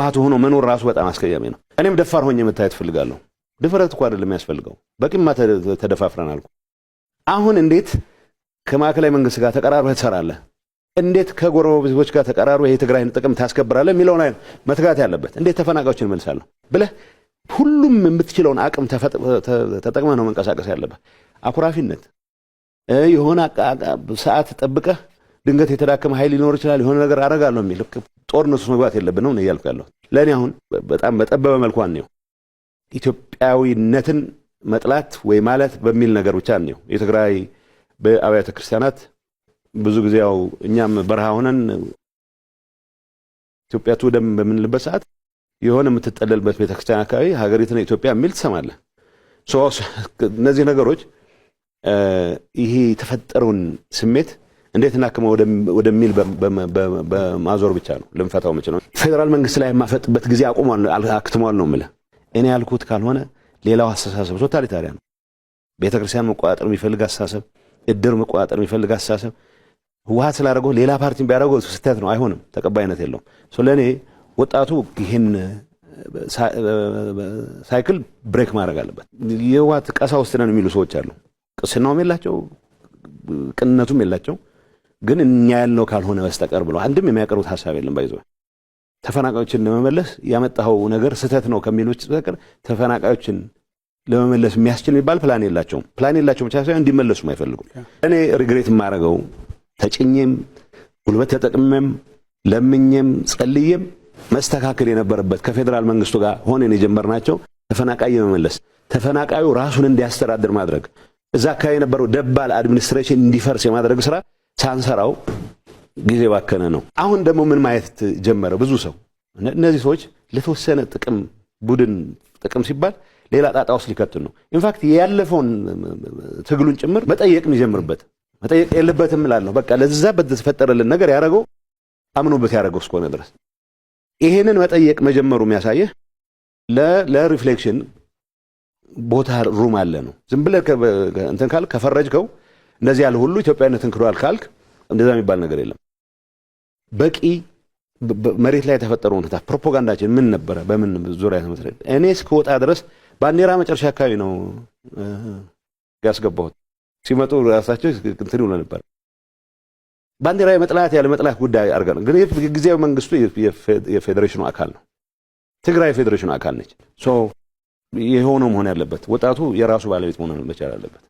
ባዶ ሆኖ መኖር ራሱ በጣም አስቀያሚ ነው። እኔም ደፋር ሆኜ መታየት ፈልጋለሁ። ድፍረት እኮ አይደለም የሚያስፈልገው፣ በቂማ አልኩ። አሁን እንዴት ከማዕከላዊ መንግስት ጋር ተቀራርበህ ትሰራለህ? እንዴት ከጎረቤቶች ጋር ተቀራርበህ ትግራይን ጥቅም ታስከብራለህ? የሚለውን ላይ መትጋት ያለበት እንዴት ተፈናቃዮችን እመልሳለሁ ብለህ ሁሉም የምትችለውን አቅም ተጠቅመህ ነው መንቀሳቀስ ያለበት። አኩራፊነት የሆነ ሰዓት ጠብቀህ ድንገት የተዳከመ ኃይል ሊኖር ይችላል። የሆነ ነገር አደርጋለሁ የሚል ጦርነት ውስጥ መግባት የለብንም ነው እያልኩ ያለሁ ለእኔ አሁን በጣም በጠበበ መልኩ አንየው ኢትዮጵያዊነትን መጥላት ወይ ማለት በሚል ነገር ብቻ አንየው። የትግራይ በአብያተ ክርስቲያናት ብዙ ጊዜ ያው እኛም በረሃ ሆነን ኢትዮጵያ ትውደም በምንልበት ሰዓት የሆነ የምትጠለልበት ቤተክርስቲያን አካባቢ ሀገሪትን ኢትዮጵያ የሚል ትሰማለህ። እነዚህ ነገሮች ይሄ የተፈጠረውን ስሜት እንዴት እናክመው ወደሚል በማዞር ብቻ ነው ልንፈታው የምችለው። ፌዴራል መንግስት ላይ የማፈጥበት ጊዜ አቁሟል፣ አክትሟል ነው ምለ እኔ ያልኩት ካልሆነ ሌላው አስተሳሰብ ቶታሊታሪያን፣ ቤተክርስቲያን መቆጣጠር የሚፈልግ አስተሳሰብ፣ እድር መቆጣጠር የሚፈልግ አስተሳሰብ ህወሀት ስላደረገው ሌላ ፓርቲ ቢያደረገው ስህተት ነው፣ አይሆንም፣ ተቀባይነት የለውም። ለእኔ ወጣቱ ይህን ሳይክል ብሬክ ማድረግ አለበት። የህወሀት ቀሳ ውስጥ ነን የሚሉ ሰዎች አሉ። ቅስናውም የላቸው ቅንነቱም የላቸው። ግን እኛ ያልነው ካልሆነ በስተቀር ብሎ አንድም የሚያቀርቡት ሀሳብ የለም። ባይዞ ተፈናቃዮችን ለመመለስ ያመጣኸው ነገር ስህተት ነው ከሚል በስተቀር ተፈናቃዮችን ለመመለስ የሚያስችል የሚባል ፕላን የላቸውም። ፕላን የላቸው ብቻ ሳይሆን እንዲመለሱም አይፈልጉም። እኔ ሪግሬት የማደርገው ተጭኜም ጉልበት ተጠቅሜም ለምኜም ጸልዬም መስተካከል የነበረበት ከፌዴራል መንግስቱ ጋር ሆነን የጀመርናቸው ተፈናቃይ የመመለስ ተፈናቃዩ ራሱን እንዲያስተዳድር ማድረግ እዛ አካባቢ የነበረው ደባል አድሚኒስትሬሽን እንዲፈርስ የማድረግ ስራ ሳንሰራው ጊዜ ባከነ ነው። አሁን ደግሞ ምን ማየት ጀመረ ብዙ ሰው እነዚህ ሰዎች ለተወሰነ ጥቅም ቡድን ጥቅም ሲባል ሌላ ጣጣ ውስጥ ሊከቱን ነው። ኢንፋክት ያለፈውን ትግሉን ጭምር መጠየቅ የሚጀምርበት መጠየቅ የለበትም እላለሁ። በቃ ለዛ በተፈጠረልን ነገር ያደረገው አምኖበት ያደረገው እስከሆነ ድረስ ይሄንን መጠየቅ መጀመሩ የሚያሳየህ ለሪፍሌክሽን ቦታ ሩም አለ ነው። ዝም ብለህ እንትን ከፈረጅከው እንደዚህ ያለ ሁሉ ኢትዮጵያዊነትን ክዷል ካልክ እንደዛ የሚባል ነገር የለም። በቂ መሬት ላይ የተፈጠረው ሁኔታ ፕሮፓጋንዳችን ምን ነበረ? በምን ዙሪያ ተመስረ እኔ እስከወጣ ድረስ ባንዲራ መጨረሻ አካባቢ ነው ያስገባሁት። ሲመጡ ራሳቸው እንትን ይውለ ነበር። ባንዲራ የመጥላት ያለ መጥላት ጉዳይ አድርጋ ነው። ግን ጊዜያዊ መንግስቱ የፌዴሬሽኑ አካል ነው። ትግራይ የፌዴሬሽኑ አካል ነች። የሆነ መሆን ያለበት ወጣቱ የራሱ ባለቤት መሆን መቻል አለበት።